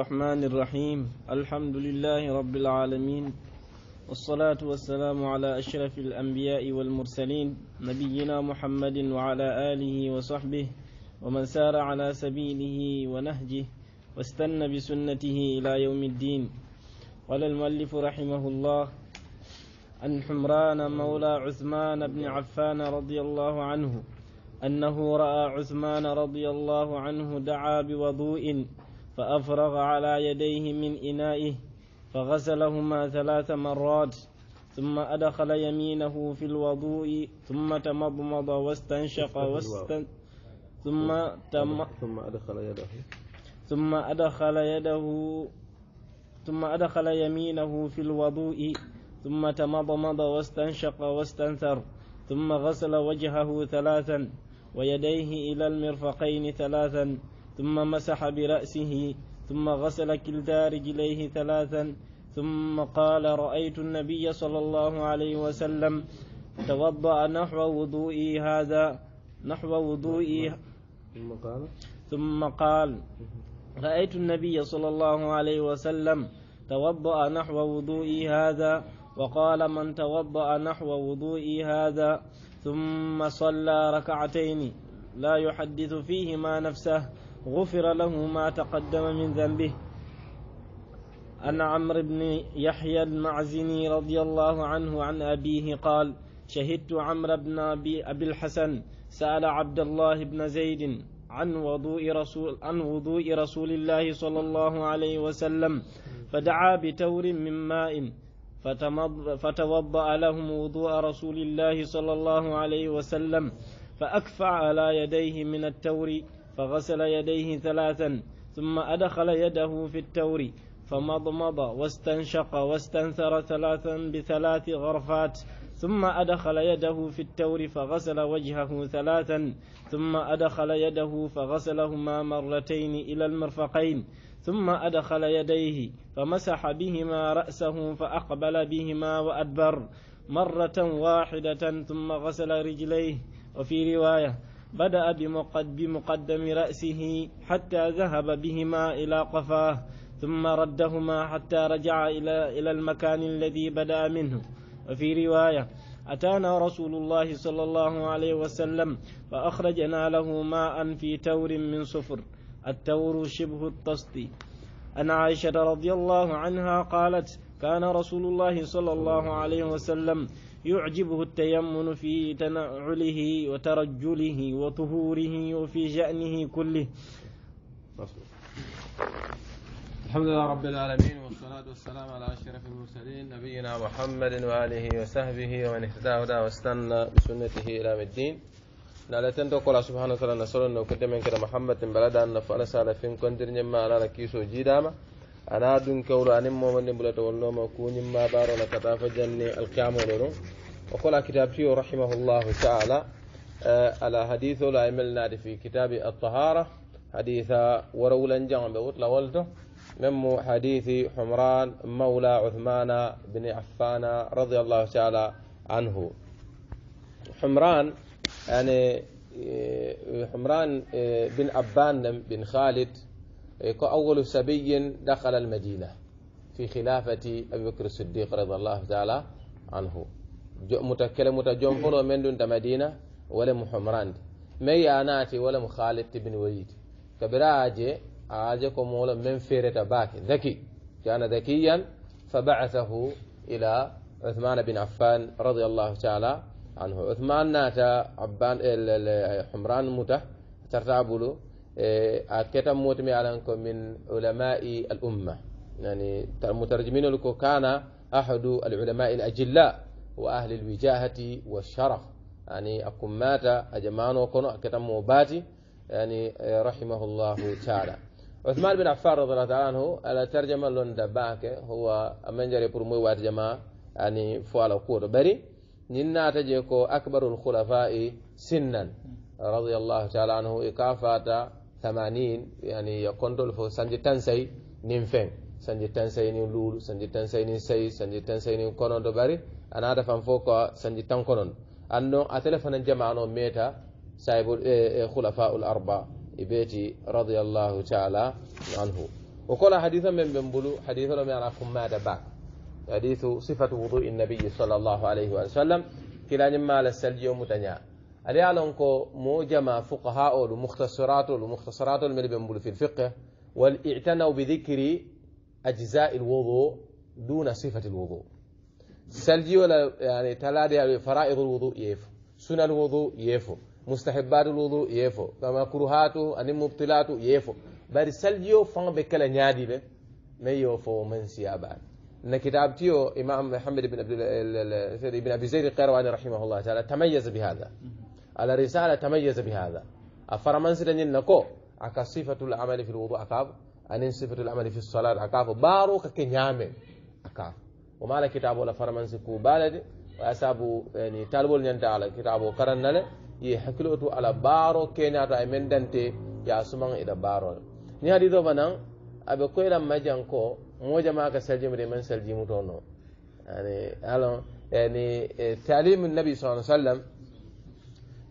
الرحمن الرحيم الحمد لله رب العالمين والصلاة والسلام على أشرف الأنبياء والمرسلين نبينا محمد وعلى آله وصحبه ومن سار على سبيله ونهجه واستنى بسنته إلى يوم الدين قال المؤلف رحمه الله أن حمران مولى عثمان بن عفان رضي الله عنه أنه رأى عثمان رضي الله عنه دعا بوضوء فأفرغ على يديه من إنائه فغسلهما ثلاث مرات ثم أدخل يمينه في الوضوء ثم تمضمض واستنشق واستن ثم تم ثم أدخل يده ثم أدخل يده ثم أدخل يمينه في الوضوء ثم تمضمض واستنشق واستنثر ثم غسل وجهه ثلاثا ويديه إلى المرفقين ثلاثا ثم مسح برأسه ثم غسل كلتا رجليه ثلاثا ثم قال رأيت النبي صلى الله عليه وسلم توضأ نحو وضوئي هذا نحو وضوئي ثم قال ثم قال رأيت النبي صلى الله عليه وسلم توضأ نحو وضوئي هذا وقال من توضأ نحو وضوئي هذا ثم صلى ركعتين لا يحدث فيهما نفسه غفر له ما تقدم من ذنبه أن عمرو بن يحيى المعزني رضي الله عنه عن أبيه قال شهدت عمرو بن أبي, أبي الحسن سأل عبد الله بن زيد عن وضوء رسول عن وضوء رسول الله صلى الله عليه وسلم فدعا بتور من ماء فتوضأ لهم وضوء رسول الله صلى الله عليه وسلم فأكفع على يديه من التور فغسل يديه ثلاثا ثم أدخل يده في التور فمضمض واستنشق واستنثر ثلاثا بثلاث غرفات ثم أدخل يده في التور فغسل وجهه ثلاثا ثم أدخل يده فغسلهما مرتين إلى المرفقين ثم أدخل يديه فمسح بهما رأسه فأقبل بهما وأدبر مرة واحدة ثم غسل رجليه وفي رواية بدأ بمقد بمقدم رأسه حتى ذهب بهما إلى قفاه ثم ردهما حتى رجع إلى إلى المكان الذي بدأ منه وفي رواية أتانا رسول الله صلى الله عليه وسلم فأخرجنا له ماء في تور من صفر التور شبه التسطي أن عائشة رضي الله عنها قالت كان رسول الله صلى الله عليه وسلم يعجبه التيمن في تنعله وترجله وطهوره وفي شأنه كله الحمد لله رب العالمين والصلاة والسلام على أشرف المرسلين نبينا محمد وآله وصحبه ومن اهتدى هدى واستنى بسنته إلى الدين لا تندو قولا سبحانه وتعالى نسأل أنه كده من كده محمد بلد أن نفعل سالة فين كنتر نما على كيسو جيداما ana dun kawru anin momandin bulata walloma kuñimma barola kata fo janni alkamololu o kola kitab tiyo rahimahullahu taala ala hadisolu ay melnade fi kitabi altahara haditha wara wulanjaŋo ɓe wutla wolto من حديث حمران مولى عثمان بن عفان رضي الله تعالى عنه حمران يعني حمران بن أبان بن خالد كأول سبي دخل المدينة في خلافة أبي بكر الصديق رضي الله تعالى عنه متكلم فلو من دون مدينة ولا محمران مي أناتي ولا خالد بن وليد كبرا أجي أجي كمولا من فيرة باك ذكي كان ذكيا فبعثه إلى عثمان بن عفان رضي الله تعالى عنه عثمان ناتا عبان حمران متى ترتابلو أكتم موتمي على من علماء الأمة يعني مترجمين لكو كان أحد العلماء الأجلاء وأهل الوجاهة والشرف يعني أكم مات أجمانو كنو أكتم موباتي يعني رحمه الله تعالى عثمان بن عفان رضي الله تعالى عنه على ترجمة لون دباك هو من جري برموي واتجمع يعني فوالا كور بري نينا تجيكو أكبر الخلفاء سنا رضي الله تعالى عنه إكافاتا ثمانين يعني يقندل فو سنجي تنسي نينفين سنجي تنسي نين لول سانجي تنسي نين سي سانجي تنسي نين كونون دو باري أنا هذا فان فوكا سنجي تن كونون أنو أتلفن الجمعانو ميتا سايب إيه، إيه، خلفاء الأربع إبيتي رضي الله تعالى عنه وكل حديثا من بنبلو حديثا لم يعرفهم يعني ماذا باك حديث صفة وضوء النبي صلى الله عليه وسلم كلا نمال السلجي ومتنياه علي علنكو مو جمع فقهاء المختصرات المختصرات الملبنبول في الفقه والاعتنوا بذكر أجزاء الوضوء دون صفة الوضوء سلجي ولا يعني تلادي فرائض الوضوء يفو سنن الوضوء يفو مستحبات الوضوء يفو كما كرهاته أن المبطلات يفو بل سلجيو فان بكلا نادي به ما يوفو من سيابان إن كتاب تيو إمام محمد بن عبد ابن أبي زيد القيرواني رحمه الله تعالى تميز بهذا على رسالة تميز بهذا أفرمان سلنين نكو أكا صفة العمل في الوضوء أكاب أن صفة العمل في الصلاة أكاب بارو كنيامي أكاب وما لا كتاب ولا فرمان سكو بالد وأسابو يعني تالبو لنتا على كتابو قرن له يحكلوتو على بارو كيناتو أي من دنتي يا سمان إلى بارو ni hadido fanan aɓe koyran ما ko moja ma ka saljimre يعني ألو يعني تعليم النبي صلى الله عليه وسلم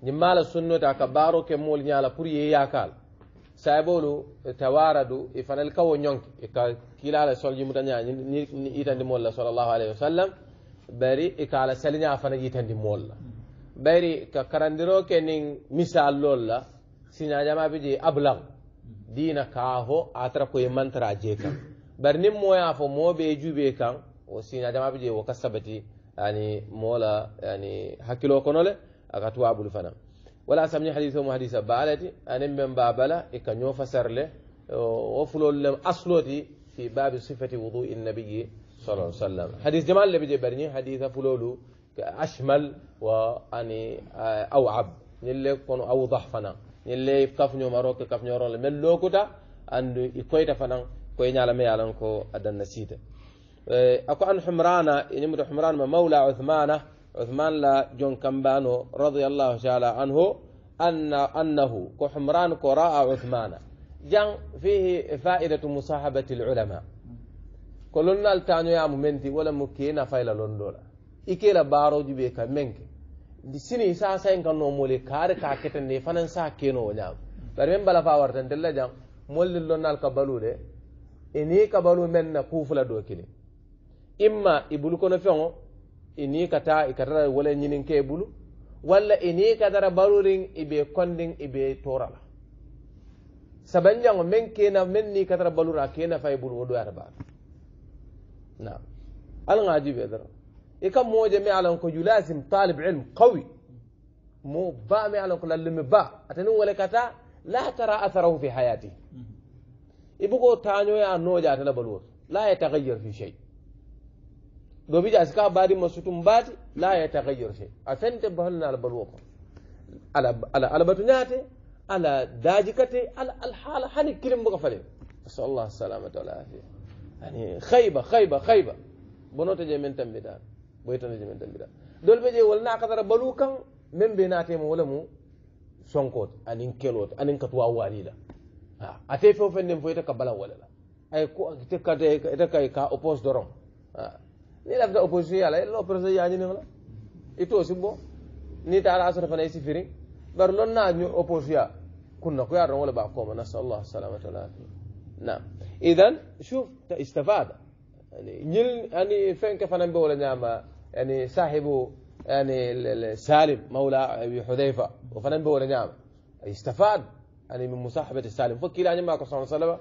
ñimmala sunnota ka baaro ke mool ñala pour ye yakal saybolu tawaradu e fanal kawo ñonki e ka kilala sol yimuta ña ni itandi mool la sallallahu alayhi wa sallam bari e kala saliña fana yitandi mool la bari ka karandiro ke nin misal lol la siñajama bi je ablag dina kaaho atara koye mantara je kan bari nin moya fo moɓe juuɓe kan o siñajama bi je wo ka sabati yani moola yani hakkilo kono le أكتوا أبو bulu ولا سمني samni hadithu بالاتي أنا من بابلا ben babala ikanyo وفلو لم fulol في باب صفة وضوء النبي صلى الله عليه وسلم حديث جمال اللي بيجي برني حديث فلولو أشمل وأني آه، أوعب نللي كون أوضح فنا يلي كفنيو مروك كفنيو رول من لوكوتا أن يكويت فنا كوين على ما يعلنكو أدن نسيته آه، أكو أن حمرانا يمد حمران مولى عثمانة عثمان لا جون كمبانو رضي الله تعالى عنه أن أنه كحمران قراء عثمان جان فيه فائدة مصاحبة العلماء كلنا التانو يا ممنتي ولا مكينا فايلا لندولا إكيلا بارو جبي كمنك دي سيني سا سين كان نومولي كار كا كتن دي فنن سا كينو نيام برمن بلا فاورتن دلا جان مول لونال كبالولي إني كبالو من كوفلا دوكيلي إما إبلو كونو ini kata ikatara wala nyinin ke bulu walla ini katara barurin ibe kondin ibe torala sabanjango men kena men ni katara balura kena fay bulu wodo arba na al ngaji be dara ikam moje me alan ko yulazim talib ilm qawi mo ba me alan ko lalim ba atanin wala kata la tara atharahu fi hayati ibugo tanyo ya noja tala balur la yataghayyar fi shay دوبي جاسكا باري مسوتم باتي لا يتغير شيء أسنت بهلنا على بلوكم على على على بتناتي على داجكتي على الحالة حني كلم بقفلي نسأل الله السلامة والعافية يعني خيبة خيبة خيبة بنوت جي من تنبدا بويتن جي من تنبدا دول بيجي ولنا قدر بلوكم من بيناتي مولمو sonkot anin kelot anin katwa walila ha ate fo fende fo ita kabala wala ay ko ita ka ita ka ka opos doron ha ni lafta opposition yala ila opposition yañinen la ito si bo ni taala asata fana isi firi bar lon na ñu opposition kunna ku yaron wala ba koma nasal allah salamata wal afiya نعم اذا شوف استفاد يعني نيل يعني فين كيف انا بقول نعم يعني صاحب يعني سالم مولى ابي حذيفه وفنان بقول نعم استفاد يعني من مصاحبه سالم فكيل يعني نعم صلى الله عليه وسلم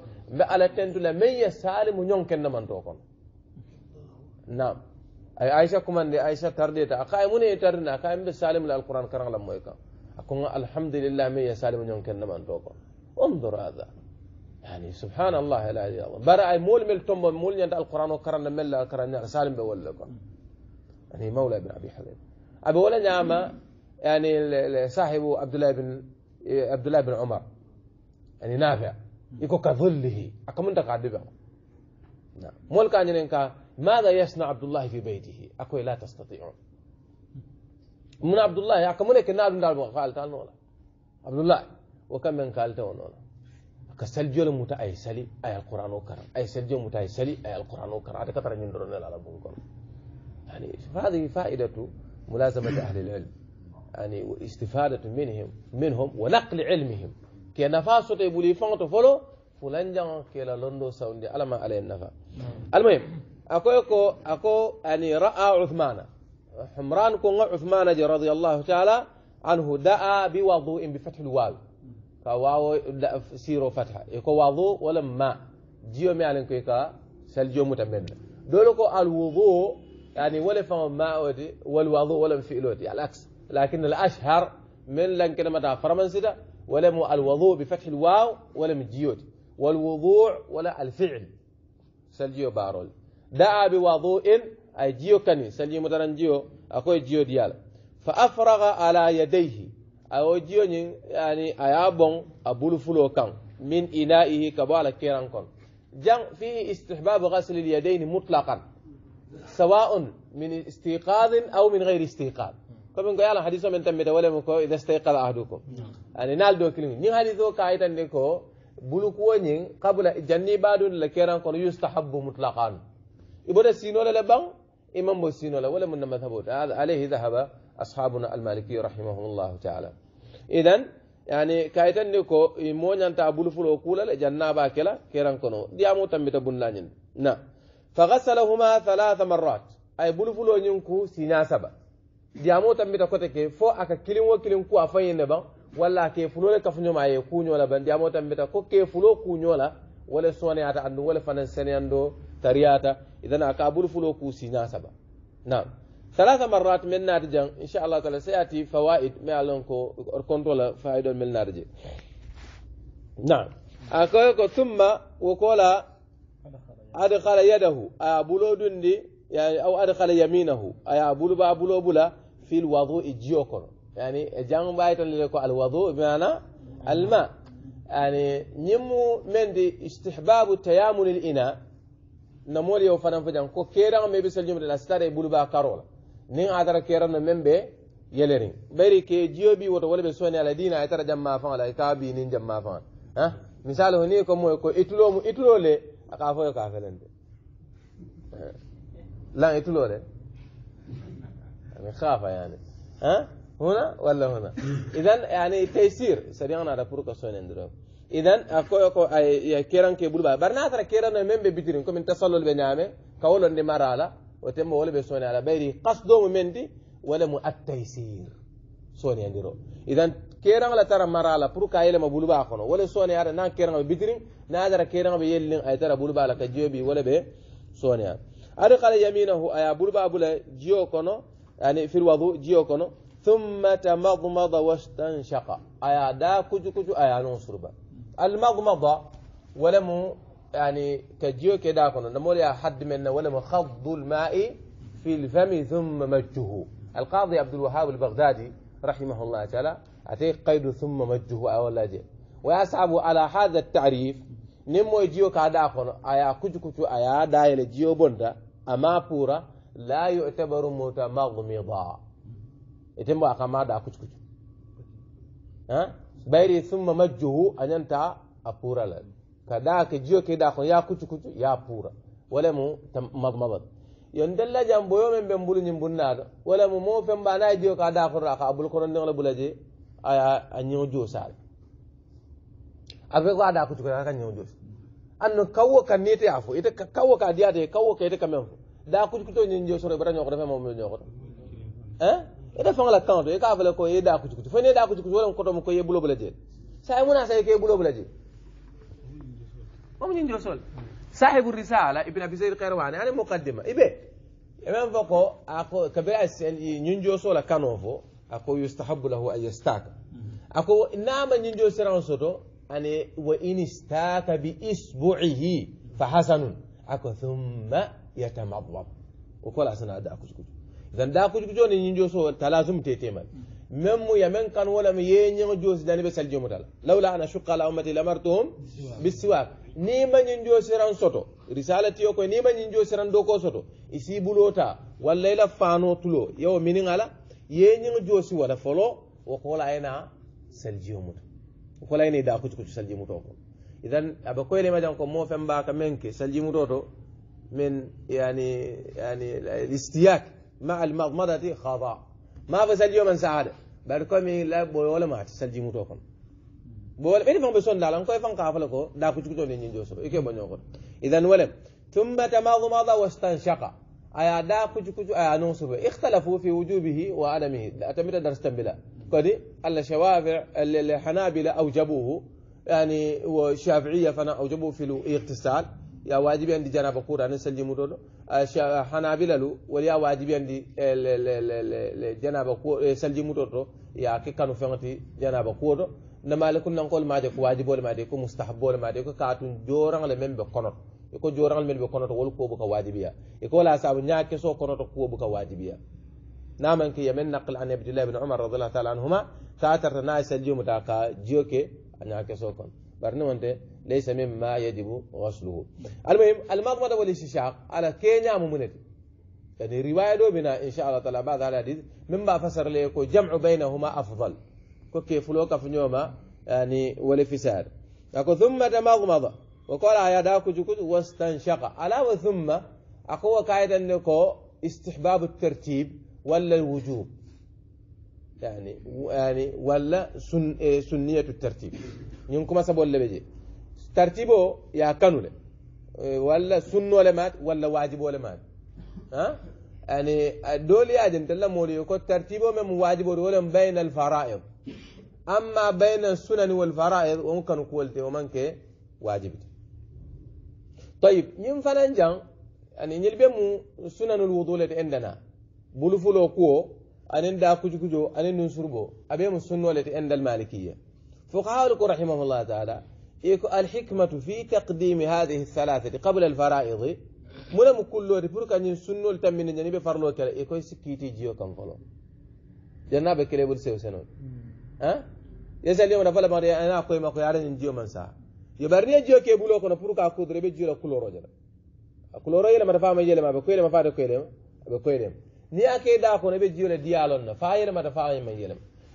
لا تنتو لمن سالم ونيون كن من توكم نعم اي عائشه كمان دي عائشه ترديت اقايمون يترنا قايم بالسالم للقران كرن لمويك اكون الحمد لله مي سالم نون كن من توك انظر هذا يعني سبحان الله لا اله الا الله برا اي مول مل توم مول ين القران وكرن مل القران سالم بولك يعني مولى ابن ابي حبيب ابو ولا نعمه يعني صاحب عبد الله بن عبد الله بن عمر يعني نافع يكو كظله اكم انت قاعد بيه مول كان ينكا ماذا يصنع عبد الله في بيته أكو لا تستطيعون من عبد الله يعكموني كنا من دار قالت ولا عبد الله وكم من قالت نولا كسلجو المتا أي سلي أي القرآن وكر أي سلجو متا أي سلي أي القرآن وكر هذا كتر من درون على بونكم يعني هذه فائدة ملازمة أهل العلم يعني واستفادة منهم منهم ونقل علمهم كي نفاسو تيبولي فانتو فلو فلان جان كي لا لندو ساوندي على ما النفع نعم. المهم akoy ko ako ani ra'a uthmana humran ko nga uthmana je radiyallahu taala anhu da'a bi wadu'in bi fathi alwaw ka wawo siro fatha e ko wadu wala ma jiyo mi alen koy ka sal jo muta men dole ko al wudu yani wala fa ma wadi wal wadu wala fi'loti al aks lakin al ashhar من لن كلمة فرمنسدة ولم الوضوء بفتح الواو ولم الجيوت والوضوع ولا الفعل سلجيو بارول دعا بوضوء أي جيو كني سليم دران جيو أكو جيو ديال فأفرغ على يديه أو جيو يعني أيابون أبول فلو كان من إنائه كبالا كيران كون جان فيه استحباب غسل اليدين مطلقا سواء من استيقاظ أو من غير استيقاظ كمن قال على حديث من تمت ولا مكو إذا استيقظ أحدكم نعم. يعني نال دو كلمة نين نعم، حديثه كايتا نيكو بلوكو نين قبل جني لكيران كون يستحب مطلقا يبون سينولا لبان إمام بوسينولا ولا من مذهب هذا عليه ذهب أصحابنا المالكي رحمه الله تعالى إذن يعني كايتن نيكو مون ينتا بلفلو كولا جنة باكلا كيران كونو ديامو تمتا بنلانين نعم فغسلهما ثلاث مرات أي فلو نينكو سينا سبا ديامو كوتي كي فو أكا كيلين وكيلين كو افاني نبا ولا كي فلو لك فنيو معي كونيو لبن ديامو تمتا كو كي فلو كونيو ولا سوني أتا أندو ولا فنان سني أندو تريات idan aka فلوكو سيناسبا نعم ثلاث مرات من نارجا إن شاء الله تعالى سيأتي فوائد ما لونكو كنترول فائدة من نارجا نعم أكويكو ثم وقولا أدخل يده أبولو دندي يعني أو أدخل يمينه أي أبولو بأبولو بلا في الوضوء جيوكر يعني جان بايتن لكو الوضوء بمعنى الماء يعني نمو من دي استحباب تيامن الإناء namori yo fanan fajan ko kera me be seljum la stare buluba karola ni adara kera no membe yelerin beri ke jiyobi woto wolbe soni ala dina ay tara jamma fa ala ka bi nin jamma fa ha misal honi ko mo ko itulo mu itulo le aka fo ka felende la itulo le ami khafa yani ha هنا ولا هنا اذا يعني تيسير سريعنا على فرقه سوين اندرو idan akoyo ko ay keran ke bulba barna tara keran men be bitirin ko min tasallul be nyame kawolon de marala o tembo wala be soni ala bayri qasdo mo mendi wala mu at-taysir soni andiro idan keran la tara marala pour ka yele ma bulba kono wala soni ara na keran be bitirin na tara keran be yellin ay tara bulba la ka jobi wala be soni ara adqala yaminahu aya bulba bula jiyo kono yani fil wudu jiyo kono ثم تمضمض واستنشق أيا دا كجو كجو أيا نون سربا المضمضة ولم يعني تجيو كده كنا نقول يا حد منا ولم خض الماء في الفم ثم مجه القاضي عبد الوهاب البغدادي رحمه الله تعالى أتي قيد ثم مجه أولاده ويصعب على هذا التعريف نمو يجيو كده كنا أيا كجكت أيا دايل جيو بندا أما بورا لا يعتبر متمضمضا يتم أقام هذا كجكت ها bayri summa majjuhu anyanta apura la kada ke jio ke da ko ya kucu kucu ya pura wala mu mabad yon dalla jambo yo men ben bulu nyimbunna wala mu mo fem ba na jio ka da ko raka abul ko ndon bulaje aya anyo jo sal abe ko ada kucu ka anyo jo anno kawo kan nete afu ite kawo ka diade kawo ka ite kamen da kucu to nyin jo sore bara nyoko da fem mo nyoko eh ite faŋ la kaŋo to i ka a fo ko ye daa kucukutu fo niŋ ye daa kucukutu wo leŋ koto mu ko ye buloo bula jee saa mun a sa ye ko ye buloo bula jee wo mu ñiŋ josol sahibu risala ibne abi zeyd kairwane ani muqaddima ibe emen fo ko ako kabe a ñiŋ josoo la kanoo fo ako yustahabu lahu an yastaka ako naama ñiŋ jo siraŋo soto ani wa in istaka bi isbuihi fa hasanun ako thumma yatamadab wo kola sana daa kucukutu zan da kuji kujo ni njo so talazum tete man men mu yamen kan wala mi yenye ngo josi dani be saljo mutala laula ana shaqqa ala ummati lamartuhum bisiwak ni ma nyin jo siran soto risalati yo ko ni ma nyin jo siran do ko soto isi bulota walla ila fano tulo yo minin ala yenye ngo josi wala folo wa qala ayna saljo mut qala ayna da kuji kuji saljo mut ko idan abakoy le madan ko mo femba ka menke saljo mut to min yani yani istiyak مع المضمضة خضاع ما فسال يوم سعادة بركم لا بولا ما تسلجي متوكم بولا إني فان بسون دالان كوي فان كافلكو دا كوتشكتو نين جوسو إيكي بنيوكو إذا ولم ثم تمضمض واستنشق أيا دا كوتشكتو أيا نوسو اختلفوا في وجوبه وعدمه أتمت درس بلا كدي الشوافع الحنابلة أوجبوه يعني والشافعية فانا أوجبوه في الاغتسال ya wajibi andi janaba kurani sallimu ɗo ɗo hanabila lu wala ya wajibi andi janaba sallimu ɗo to ya ke kanu fengti janaba kuwo ɗo namale kun nankol maje ko wajibole made ko mustahabole made ko katun jorangle men ɓe konoto eko jorangle men ɓe konoto wol kuwo buka wajibiya eko wala saabu ñakeso konoto kuwo buka wajibiya namanke yemen naql an abdoulah bine omar radiallahu taala anhuma tatarta na sallimu ta ka jiyo ke a ñakeso kon ɓarni wonte ليس مما يجب غسله المهم المضمضة والاستشعاق على كينيا ممنتي يعني رواية دو بنا إن شاء الله تعالى بعد هذا الحديث مما فسر ليكو جمع بينهما أفضل كيف فلوكا في نيوما يعني ولفساد أكو ثم تمضمض وقال يا داك جكوت واستنشق على وثم أقوى قاعدة نكو استحباب الترتيب ولا الوجوب يعني يعني ولا سن سنية الترتيب ينكم سبوا اللي بيجي ترتيبه يا kanule ولا سنة ولا مات ولا واجب ولا مات ها يعني دول يا جنت الله مولي ترتيبه من واجب ولا بين الفرائض أما بين السنن والفرائض وممكن قولته ومنك واجب طيب نيم فنانجان يعني نلبم سنن الوضوء عندنا بلفلو كو أن دا كوجو كوجو أن نسربو أبيم السنة اللي عند المالكية فقهاء رحمه الله تعالى الحكمة في تقديم هذه الثلاثة قبل الفرائض مولا مكلو ريبرك ان سنو التمن ني بي فارلو كلا اي كوي سكيتي جيو كان فولو جنا بي كلي بول سيو سنو ها يزا اليوم دا فلا ما ري انا كوي ما كوي ار ني جيو مانسا يبرني جيو كي بولو كون بروكا كودر بي جيو كلو روجلا كلو روجلا ما فاما يلي ما بي كوي ما فاد كوي ديم بي كوي ديم ني اكي دا كون بي جيو لديالون فاير ما فاما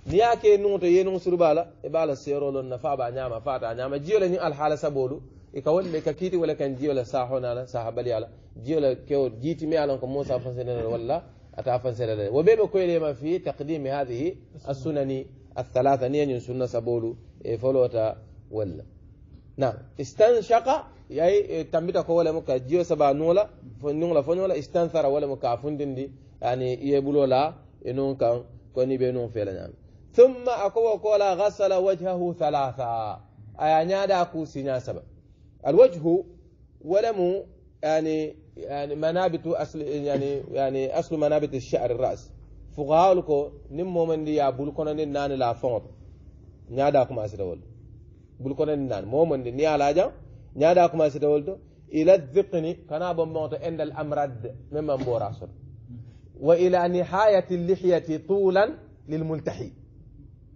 ni ye ke nuŋoto ye nuŋ suruba la i be a la seero loŋ na faa be a ñaama faata a ñaama jiyo le ñiŋ alhaala saboolu i ka wolu le ka kiiti wo le kaŋ jiyo le saaho na la sahabaliya la jiyo le kewo jiitimi a loŋ ko moo fansene le ata fansene le wo be koyi ma fi taqdimi hadihi assunani athalatha niŋ ye ñiŋ sunna saboolu e folota walla na istanshaka yayi tambita ko wo le mu ka jiyo saba nuŋo la nuŋo la fo ñoo la istanthara wo le mu fundindi yani ye e nuŋ kaŋ ko ثم أكو قولا غسل وجهه ثلاثا أي نادى ku siña saba الوجه walemu yani يعني, يعني منابت اصل يعني يعني اصل منابت الشعر الراس فغالكو نمو من دي بول نان لا فونت نيادا كما سدول بول كون نان مومن دي نيا لاجا نيادا كما سدول الى الذقن كنا بموت عند الامرد مما موراسل والى نهايه اللحيه طولا للملتحي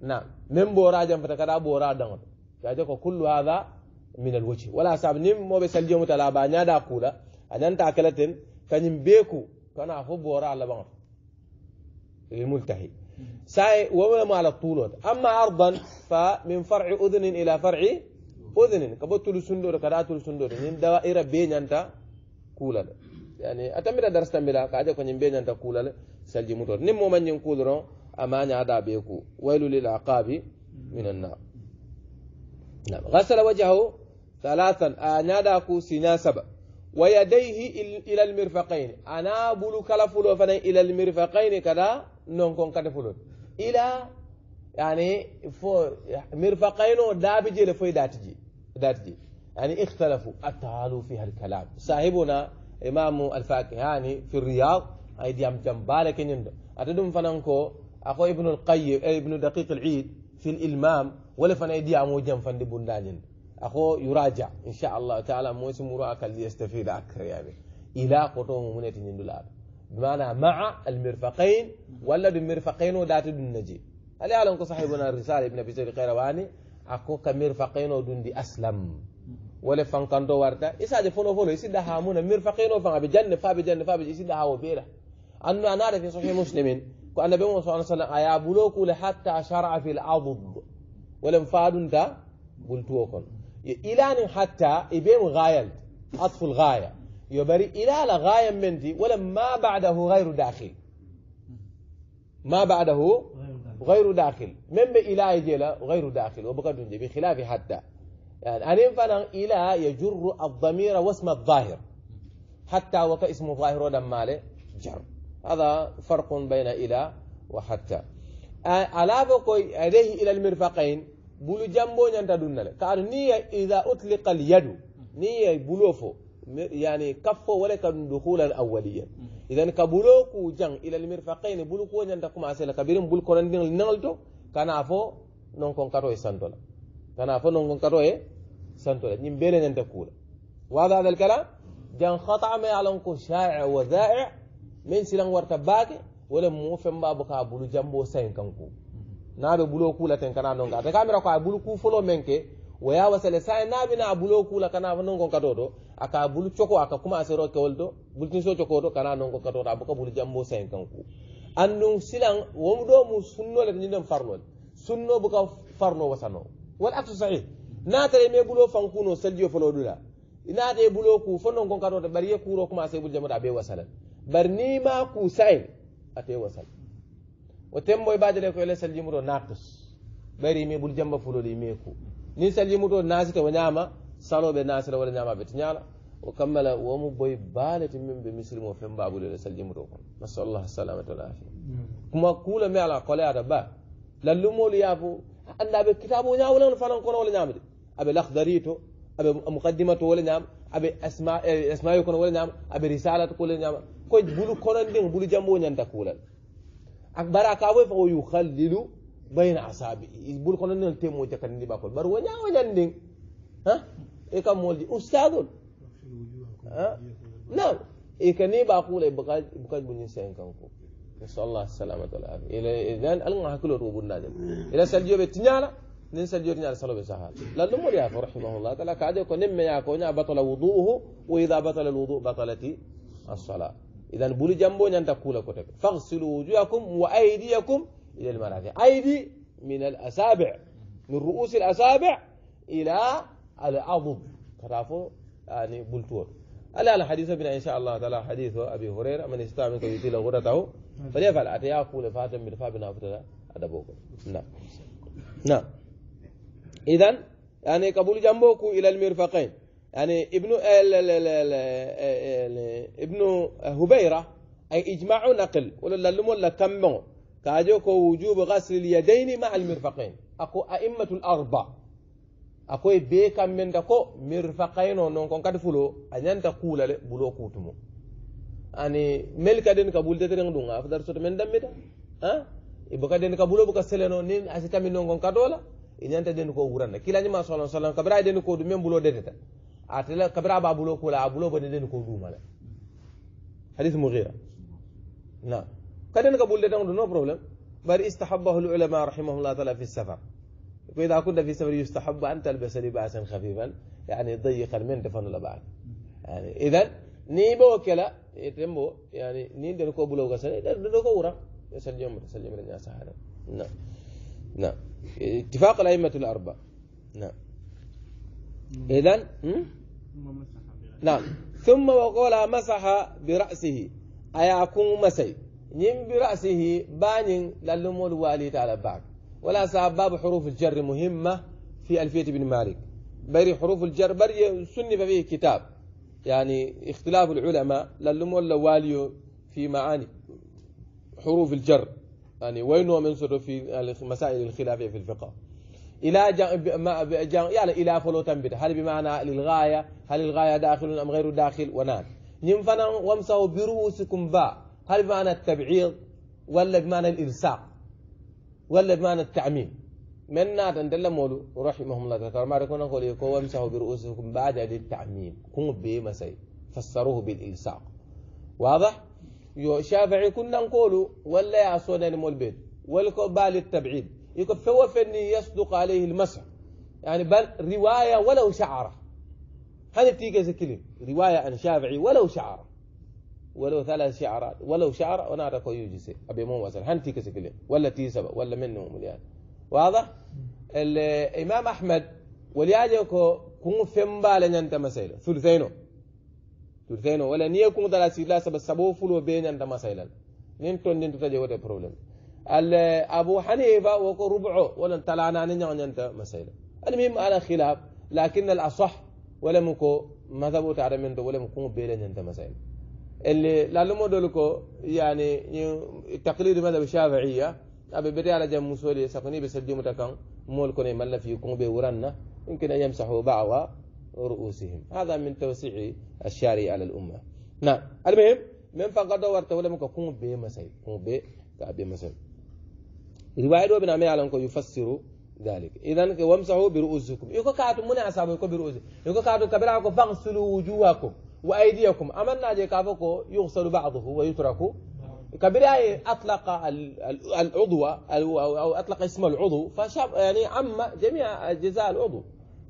نعم من بورا فتا كدا بورا دمت كاجا كل هذا من الوجه ولا ساب نيم مو بسال بسلجي تلا با نيا دا كولا انان تا كلتن كنيم بيكو كنا فو بورا لا بان الملتهي ساي وما على الطول اما ارضا فمن فرع اذن الى فرع اذن كبتل سندور كدا تل سندور نيم دوائر بينانتا كولا يعني اتمرا درس تمرا كاجا كنيم بينانتا كولا سلجي متور نيم مو من كولرون أمان هذا بيكو ويل للعقاب من النار نعم غسل وجهه ثلاثا أناداكو سنا سبع ويديه إلى المرفقين أنا بلو كلفلو فنا إلى المرفقين كذا نونكون كتفلو إلى يعني فو مرفقين دابي جيل فوي داتجي داتجي يعني اختلفوا التعالوا في هالكلام صاحبنا إمام الفاكهاني في الرياض أيديام جنبالك نندو أتدوم فنانكو ako ibnu alqayyim e ibnu daqiq alid fi lilmam wole fana e diyamo janfande bundañin ako yuraja inchallahu taala mosi muro akal yestafida akkariyaɓe ila kotomo muneti ñindulaɗo bimana maa almirfaqain walla ɗum mirfaqain o date ɗum naji ali alan ko sahibuna risala ibne abi sayd kayrawani ako ka mirfaqain o ɗum di aslam wole fankanto warta isaje fono folo isidda ha muna mirfaqain o fan aɓe janne faɓe janne faɓe isidda ha o ɓeeɗa anno anaɗa fi sahih muslimin ko annabi mo sallallahu alaihi وسلم aya bulo kule hatta shar'a fil adb walam fadun ta bultuwo kon ilanin hatta ibem ghayal عطف الغاية يبري إلى غاية مندي ولم ما بعده غير داخل ما بعده غير داخل من بإلى جلا غير داخل وبقدر بخلاف حتى يعني أن فلان إلى يجر الضمير واسم الظاهر حتى وكاسم ظاهر ودم ماله جر هذا فرق بين إلى وحتى ألا بقي يديه إلى المرفقين بلو جنبو ينتدون دوننا كأن نية إذا أطلق اليد نية بلوفو يعني كفو ولا كان دخولا أوليا إذا كبلوكو جن إلى المرفقين بلوكو ينتا كما أسأل كبيرين بلوكو ننغلتو كان أفو نونكون كروي سنتولا كان أفو نونكون كروي سنتولا نمبيلين ينتا وهذا هذا الكلام جن خطأ ما يعلنكو شائع وذائع min silan warta baake wala mo femba bo ka bulu jambo sayin kanko be bulo kula ten kana non ka mira ko a bulu ku folo menke ke waya wasale sa naɓe na a bulo kula kana non kon ka dodo aka bulu choko aka kuma a ke woldo bulu bultin so choko do kana non gon ka to abuka bulu jambo sayin kanko andum silan womu do mu sunnole to ñiɗen farlo sunno ka farno wasano wal acte sahih tare me bulo fankuno saljo folo ina de bulo ku fonon gon ka kato to ɓariye kuro kuma a sebul jamoɗa be wasalan bari ni ma kusayin ate wasal woten moy badale ko ele saljimuto naqus bari mi bul jamba fuloli mi ku ni saljimuto nasita wa nyama saloɓe nasira wala ñamaɓe ti ñala o kammala womo boy baalete min ɓe misilimo fen babulele saljimuto kon nasallah salamata wal afia kuma kuula mi ala kole ata ba lallumolu yaafo annda ɓe kitabo ñawolano fanan kono wala ñamade aɓe lahdari to aɓe mukaddima to wole ñama aɓe asma asmayo kono wole ñama aɓe risala to kole ñama koye bulu konondin bulu jambo ñanta kuulal ak bara ka woy fo yuhallilu bayna asabii bulu konondin temo jakkanindi ɓakol bar woña woñandin ha e kam molji ustadol nam e ka ni ɓa kuula bukaj buñin sen kanko نسأل الله السلامة والعافية إذا ألقى حكلو روبو النادم إلى سلجيو بتنيالا ننسى اليورني على صلوبه سهل لا الأمر يا أخي رحمه الله تعالى كعده يكون نم يا أخي بطل وضوءه وإذا بطل الوضوء بطلت الصلاة إذا بولي جنبه أن تقول كتب فاغسلوا وجوهكم وأيديكم إلى المرافق أيدي من الأسابع من رؤوس الأسابع إلى الأضب كتافو يعني بلتور ألا الحديث بنا إن شاء الله تعالى حديث أبي هريرة من استعمل يطيل غرته فليفعل أتياكم لفاتم من فابنا فتلا أدبوكم نعم نعم إذا يعني قبول جنبك إلى المرفقين يعني ابن ال ال ال ال ال ابن هبيرة أي إجماع نقل ولا للم ولا كمه كاجوكو وجوب غسل اليدين مع المرفقين أكو أئمة الأربع أكو بيكا من دكو مرفقين ونكون قد فلو أن ينتقول بلو كوتمو ani mel ka den kabul tetere ngi dunga afdar soto men dambe da ha ibuka den kabulo buka seleno nin iñanta den ko wuranna kilañima sala sallam kabira e den ko du men bulo deteta atela kabira ba bulo kola a bulo bone den ko dumala hadis mugira na kaden ka bulde tan du no problème bari istahabahu lulama rahimahullah taala fi safar فإذا كنت في سفر يستحب أن تلبس لباسا خفيفا يعني ضيقا من دفن الأبعاد يعني إذا ni bo kela tembo yani ni den ko bulo gasane den ko wura sal jom sal jom nya sahara na نعم اتفاق الأئمة الأربعة نعم إذا نعم ثم وقال مسح برأسه أكون مسي نيم برأسه بان للمول والي تعالى بعد ولا سبب حروف الجر مهمة في ألفية بن مالك بري حروف الجر بري سنف فيه كتاب يعني اختلاف العلماء للمول والي في معاني حروف الجر يعني وين هو منصر في المسائل الخلافية في الفقه إلى جان يعني إلى فلو تنبت هل بمعنى للغاية هل الغاية داخل أم غير داخل ونان ينفنا ومسوا برؤوسكم باء هل بمعنى التبعيض ولا بمعنى الإلصاق ولا بمعنى التعميم من نات أن مولو رحمهم الله تعالى ما ركونا قولي إيه؟ كو برؤوسكم بعد التعميم كون بي فسروه بالإلصاق واضح يو شافعي كنا نقولوا ولا يا صنن مولبيد والقبال التبعيد يقول فهو فني يصدق عليه المسح يعني بل روايه ولو شعره هذه تيجي زي روايه عن شافعي ولو شعره ولو ثلاث شعرات ولو شعر انا يجي سي ابي مو مثلا هل كسك لي ولا تي سبب ولا منه مليان واضح الامام احمد ولياجوكو كون فيم بالي انت مسائل ثلثينه تورثينو ولا نيكون دارا سيلا سبب سبوا فلو بين عند مسائل نينتون نينتو تجاه وده بروبلم ال أبو حنيفة وربعه ولا تلعنا نين عن عند مسائل المهم على خلاف لكن الأصح ولا مكو ما ذبو تعرفين ولا مكون بين عند مسائل اللي لعلمو دولكو يعني التقليد ماذا بشافعية أبي بدي على جم مسؤولي سفني بسدي متكان مول كوني ملا في كون بورانا يمكن أن يمسحوا بعوا رؤوسهم هذا من توسيع الشارع على الأمة نعم المهم من فقد ورته ولم يكن كون بي كون بي كابي مساي رواية ابن عمي على يفسر ذلك إذا وامسحوا برؤوسكم يكو كاتو من أصابه يكو برؤوسكم يكو كاتو كبيرا فاغسلوا وجوهكم وأيديكم أما الناجي كافوكو يغسل بعضه ويتركوا كبيرا أطلق العضو أو أطلق اسم العضو فشاب يعني عم جميع أجزاء العضو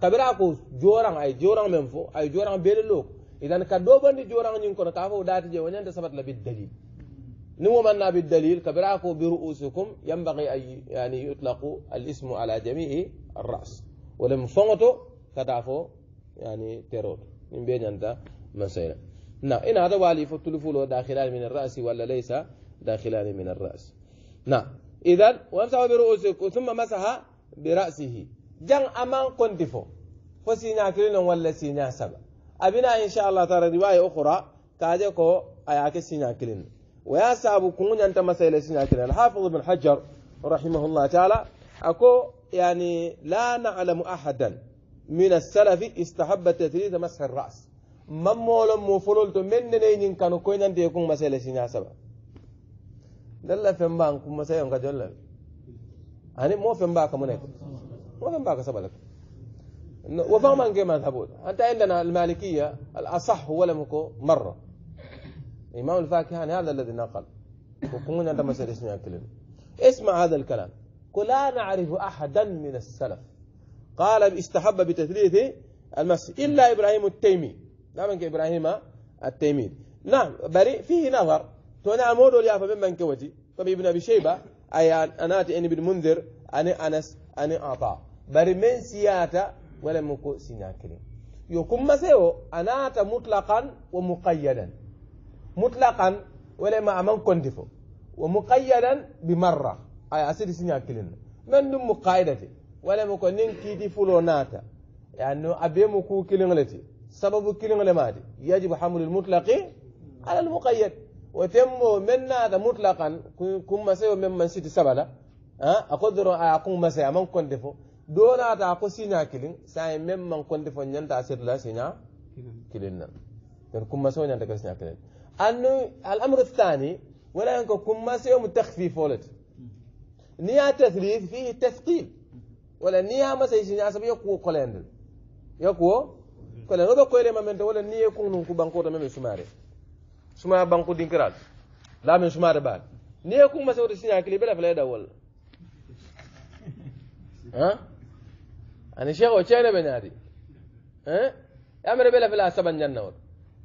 kabira ko joran ay joran men fo ay joran bele lo idan ka do bandi joran nyin ko ka fo dati je wonen da sabat la bid dalil ni mo manna bid dalil kabira ko bi ru'usukum yanbaghi ay yani yutlaqu al ismu ala jami'i ar ra's wala mfongoto kada fo يعني تيرور من بين أنت مسائل نعم إن هذا والي فتلفوله داخلان من الرأس ولا ليس داخلان من الرأس نعم إذا وامسح برؤوسكم ثم مسح برأسه jan aman konti fo fo sina kilinon walla sina saba abina inchallah tara riwaya ukra kaje ko ayake sina kilin waya sabu kuŋuñanta masayla sina kilin alhafid ibn hajar rahimahullah taala ako yani la nalamu ahadan min assalafi istahaba tatlita mashi ras mammolon mo folol to men neneyñin kano koynante kun masayla sina saba dalla femba an kun masayon ka jollal ani mo femba kamu nek ومن باقي سبلك وضمن كما ثبوت أنت عندنا المالكية الأصح هو ولم مرة امام الفاكهاني يعني هذا الذي نقل وكون هذا مسألة كلمة اسمع هذا الكلام قل لا نعرف أحدا من السلف قال استحب بتثليث المسجد إلا إبراهيم التيمي لا منك إبراهيم التيمي نعم بريء فيه نظر تونا امور ليافا من وجي طب ابن أبي شيبة أي انا أن ابن منذر اني أنس اني عطاء bari men siyata mu ko siña yo kummase wo anata mutlaqan wa muqayyadan mutlaqan ma aman kondifo wa muqayyadan bi marra ay asidi siña kiliŋ men dum mu qaidati mu ko nin kidi fulo yani abe mu ku kilingalati sababu kiliŋ yajibu hamlu lmutlaqi ala lmuqayyad wo temmo men naata mutlaqan kummase wo men man siti sabala a kodoro aya kuŋ mase aman kondi donata ko siña kilin saye même man konde fo ñanta sirla siña kilin nan jon kummaseo ñanta ko siña kilin annu al amre thani wala en ko kummaseo mu tahfif olete niya tathlif fihi tathqil wala niya masay siña saba yokkuwo kolendel yokkuwo kolen oɗo koyrema men te wala niye kunnum ku bankoto meme sumare suma banku dinkiral lamin sumare baal niye kummaseo to siña kili bela fala e ɗawwol ha ani sheikho cene ɓe naati eh? amere ɓe lafila saban jannawol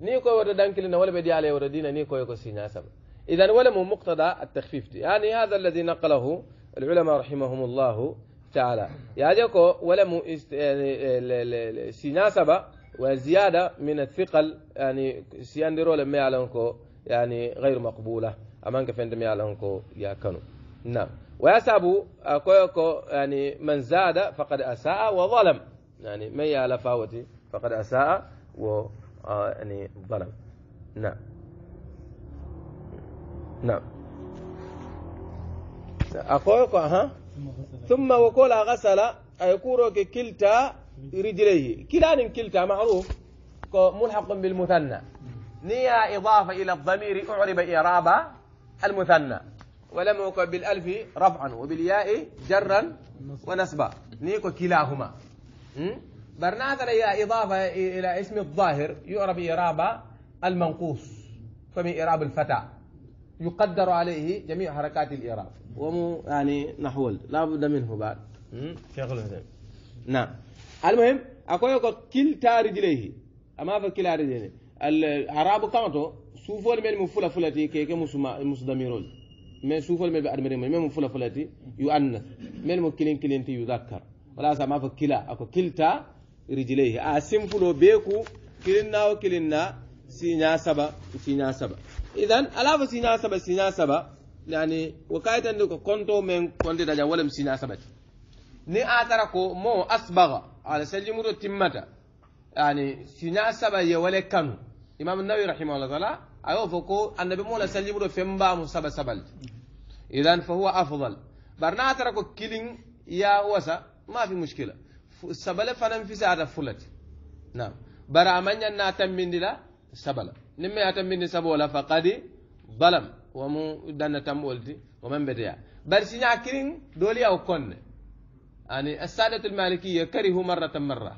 ni koye woto dankilina wala ɓe diyala woto dina نيكو koye ko siña eh, eh, saba إذن مقتضى التخفيف يعني هذا الذي نقله العلماء رحمهم الله تعالى يعني سينا سيناسبة وزيادة من الثقل يعني سيان ديرو لما يعلنكو يعني غير مقبولة أمانك فين دم يعلنكو يا كانوا نعم ويسأب أكويكو يعني من زاد فقد أساء وظلم يعني من يا لفاوتي فقد أساء و آه، يعني ظلم نعم نعم أكويكو ها ثم وقول غسل أيكوروك كلتا رجليه كلان كلتا معروف ملحق بالمثنى نية إضافة إلى الضمير أعرب إعراب المثنى ولم يكن بالالف رفعا وبالياء جرا ونسبا نيكو كلاهما برنا هذا إضافة إلى اسم الظاهر يعرب إرابة المنقوص فمن إراب الفتى يقدر عليه جميع حركات الإراب ومو يعني نحول لا بد منه بعد شغل نعم المهم أقول كلتا رجليه أما فكلا رجليه الإعراب كانتو سوفول من مفولة فلتي كيك مسدميرول من سوفل من بعد مريم من فلا فلاتي يؤنث من مكلين كلين تي يذكر ولا سما فكلا أكو كلتا رجليه أسم آه، فلو بيكو كلنا وكلنا سينا سبا سينا سبا إذن ألا سينا سبا سينا سبا يعني وكايت عندك كونتو من كنت دجا ولم سينا سبا ni a tara ko mo asbaga ala saljimuro timmata yani sina saba ye wale kanu imam nawawi rahimahullah taala ayo foko annabi mola sallibu do femba mu saba sabal idan fa huwa afdal barna tara ko killing ya wasa ma fi mushkila sabala fanan fi sa'ata fulat na'am bara amanya na tambindila sabala nimme atambindi sabola faqadi balam wa mu danna tambolti wa man badiya bar sinya kirin doli aw konne ani as-sadatu al-malikiyya karihu marratan marra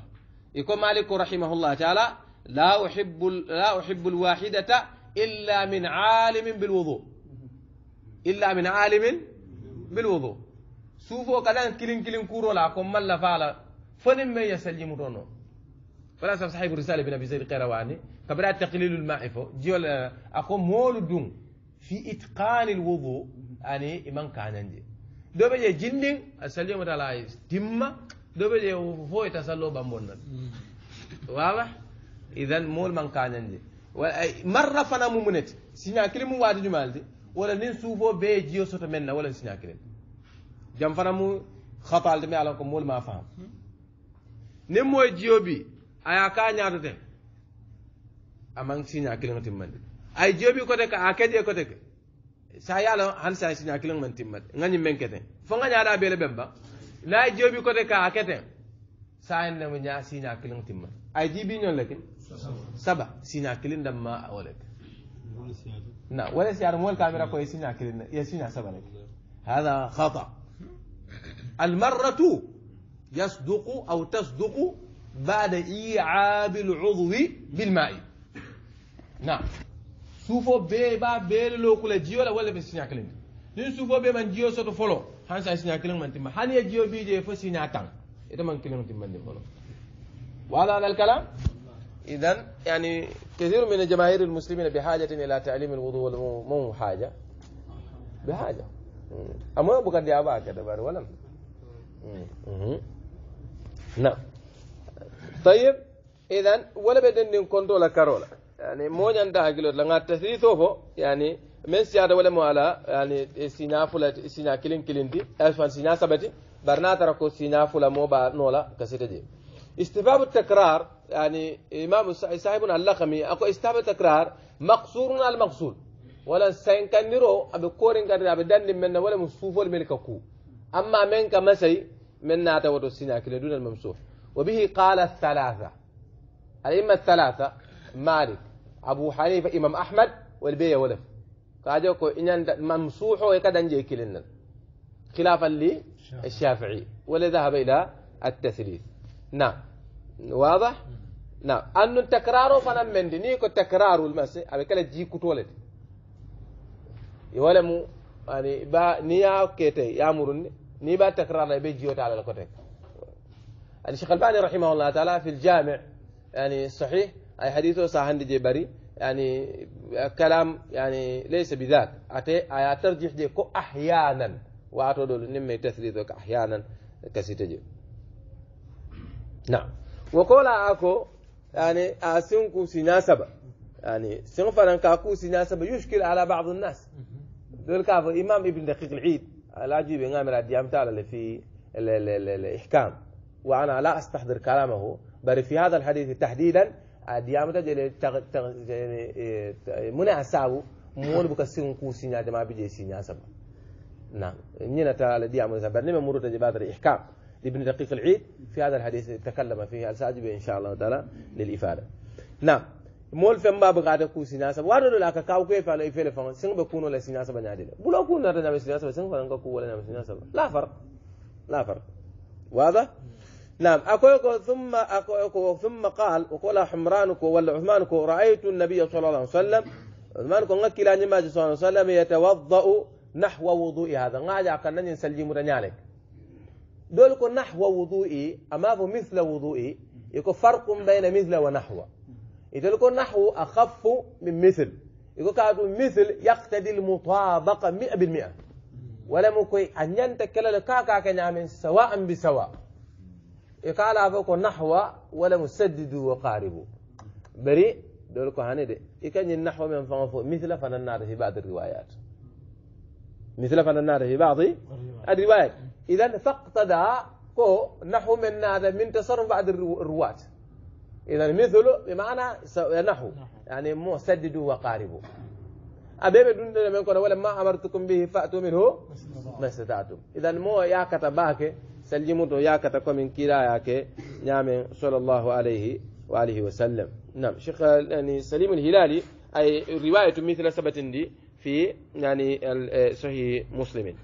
iko maliku rahimahullah ta'ala la uhibbu la uhibbu al-wahidata إلا من عالم بالوضوء إلا من عالم بالوضوء سوفو كلام كلين كلين كورو لا لكم ملا فعلا فنم ما يسلم دونو فلا صاحب الرسالة بن أبي زيد قيرواني كبرات تقليل الماء فو جيول أقوم مول دون في إتقان الوضوء أني إمان كاننجي دوبي جي جندين أسلم تلا تيمة دوبي جي فو يتسلو بامبونا واضح إذا مول من كاننجي marra fana mu muneti siña kili mu waati jumalti wala nin suufo bee jiyo soto men na wala siña kilin jam fana mu xatalti mais ala ko moolu ma faam nin mooy jiyo bi aya ka ñaato ten aman siña kilin timmandi ay jiyo bi kote ka a keje kote ke sa yaala han sa siña kilin man timmati ngañi men keten fo nga ñaaɗa beele ɓen ba naye jiyo bi kote ka a keten sa en nemu ña siña kilin timmati ay jibi ñon lekin سبع سينا كلين دم ما أولك نا ولا سيارة مو الكاميرا كوي سينا كلين يا سينا سبع لك هذا خطأ المرة يصدق أو تصدق بعد إيعاب العضو بالماء نا نعم. سوفو بي با بير لو كل جيو لا ولا بسينا كلين نين سوفو بي من جيو سوتو فولو هان سا سينا كلين من تيم هان يا جيو بي جي فو سينا تان إذا من كلين من تيم من دي فولو وهذا هذا الكلام إذا يعني كثير من جماهير المسلمين بحاجة إلى تعليم الوضوء مو حاجة بحاجة أما بقد ديابا كده بار ولم نعم طيب إذا ولا بدن كنتولا كارولا يعني مو عندها كيلو لأن التثليث فو يعني من سيادة ولا موالا يعني سينا فولا سينا كلين كلين دي ألفان سينا سبتي برنا تركو سينا فولا مو بار نولا كسيتة دي استباب التكرار يعني إمام صاحب اللقمي أكو استباب التكرار مقصور على المقصود ولا سين كان نرو أبي كورين كان أبي دن من ولا مصفوف ولا ملككو أما من كمسي من ناتا ودوسينا كلا دون الممسوح وبه قال الثلاثة الأئمة الثلاثة مالك أبو حنيفة إمام أحمد والبيع ولف كاجوكو إن ممسوح ويكدن جيكلنا خلافا للشافعي ولا ذهب إلى التثليث نعم واضح نعم أن التكرار فنان من دنيك التكرار المسي أبي كلا جي كتولد يولمو يعني با نيا كيتي يامرني ني با تكرار يبي على تعالى يعني الشيخ الباني رحمه الله تعالى في الجامع يعني صحيح أي حديثه صاحن دي بري يعني كلام يعني ليس بذاك أتي آيات ترجح دي كو أحيانا وأتو دول نيمي تسليتو أحيانا كسيتجي نعم وقول أكو يعني أسنكو سناسبة يعني ان كاكو سناسبة يشكل على بعض الناس دول كافر إمام ابن دقيق العيد لا أجيب إمام الديام تعالى في الإحكام وأنا لا أستحضر كلامه بل في هذا الحديث تحديدا الديام تجل يعني، إيه، منع سابو مول بك سنكو سناسبة ما بيجي سناسبة نعم نينا تعالى الديام بل نمي مرور تجي إحكام لابن دقيق العيد في هذا الحديث تكلم فيه الساجب إن شاء الله تعالى للإفادة نعم مول فم باب غادا كو سيناسا saba لا كا كاو ka kaw يفيل فان سين fele fon سيناسا be kuno بلو كون saba nyaade سيناسا سين فان كو ولا saba سيناسا لا فرق لا فرق واضح نعم اكو ثم اكو ثم قال وقال حمرانك ولا عثمانك رأيت النبي صلى الله عليه وسلم عثمانك نكي لا نماذج صلى الله عليه وسلم يتوضأ نحو وضوء هذا نعجع كان ننسى الجمهور نعلك دول كو نحو وضوئي أما مثل وضوئي يكو فرق بين مثل ونحو إذا كو نحو أخف من مثل يكو كادو مثل يقتدي المطابقة مئة بالمئة ولا مكوي أن ينتكل لكاكا كنعمل يعني سواء بسواء يقال أفوكو نحو ولا مسدد وقارب بري دول كو دي يكن النحو من فنفو مثل فنن في بعض الروايات مثل فنن في بعض الروايات إذا فاقتدى كو نحو من هذا من تصرف بعض الرواة إذا مثل بمعنى نحو يعني مو سددوا وقاربوا أبي بدون من كنا ولا ما أمرتكم به فأتوا منه ما استطعتم إذا مو يا كتباك سلموا يا كتبكم من كراياك نعم صلى الله عليه وآله وسلم نعم شيخ يعني سليم الهلالي أي رواية مثل سبت دي في يعني آه، صحيح مسلم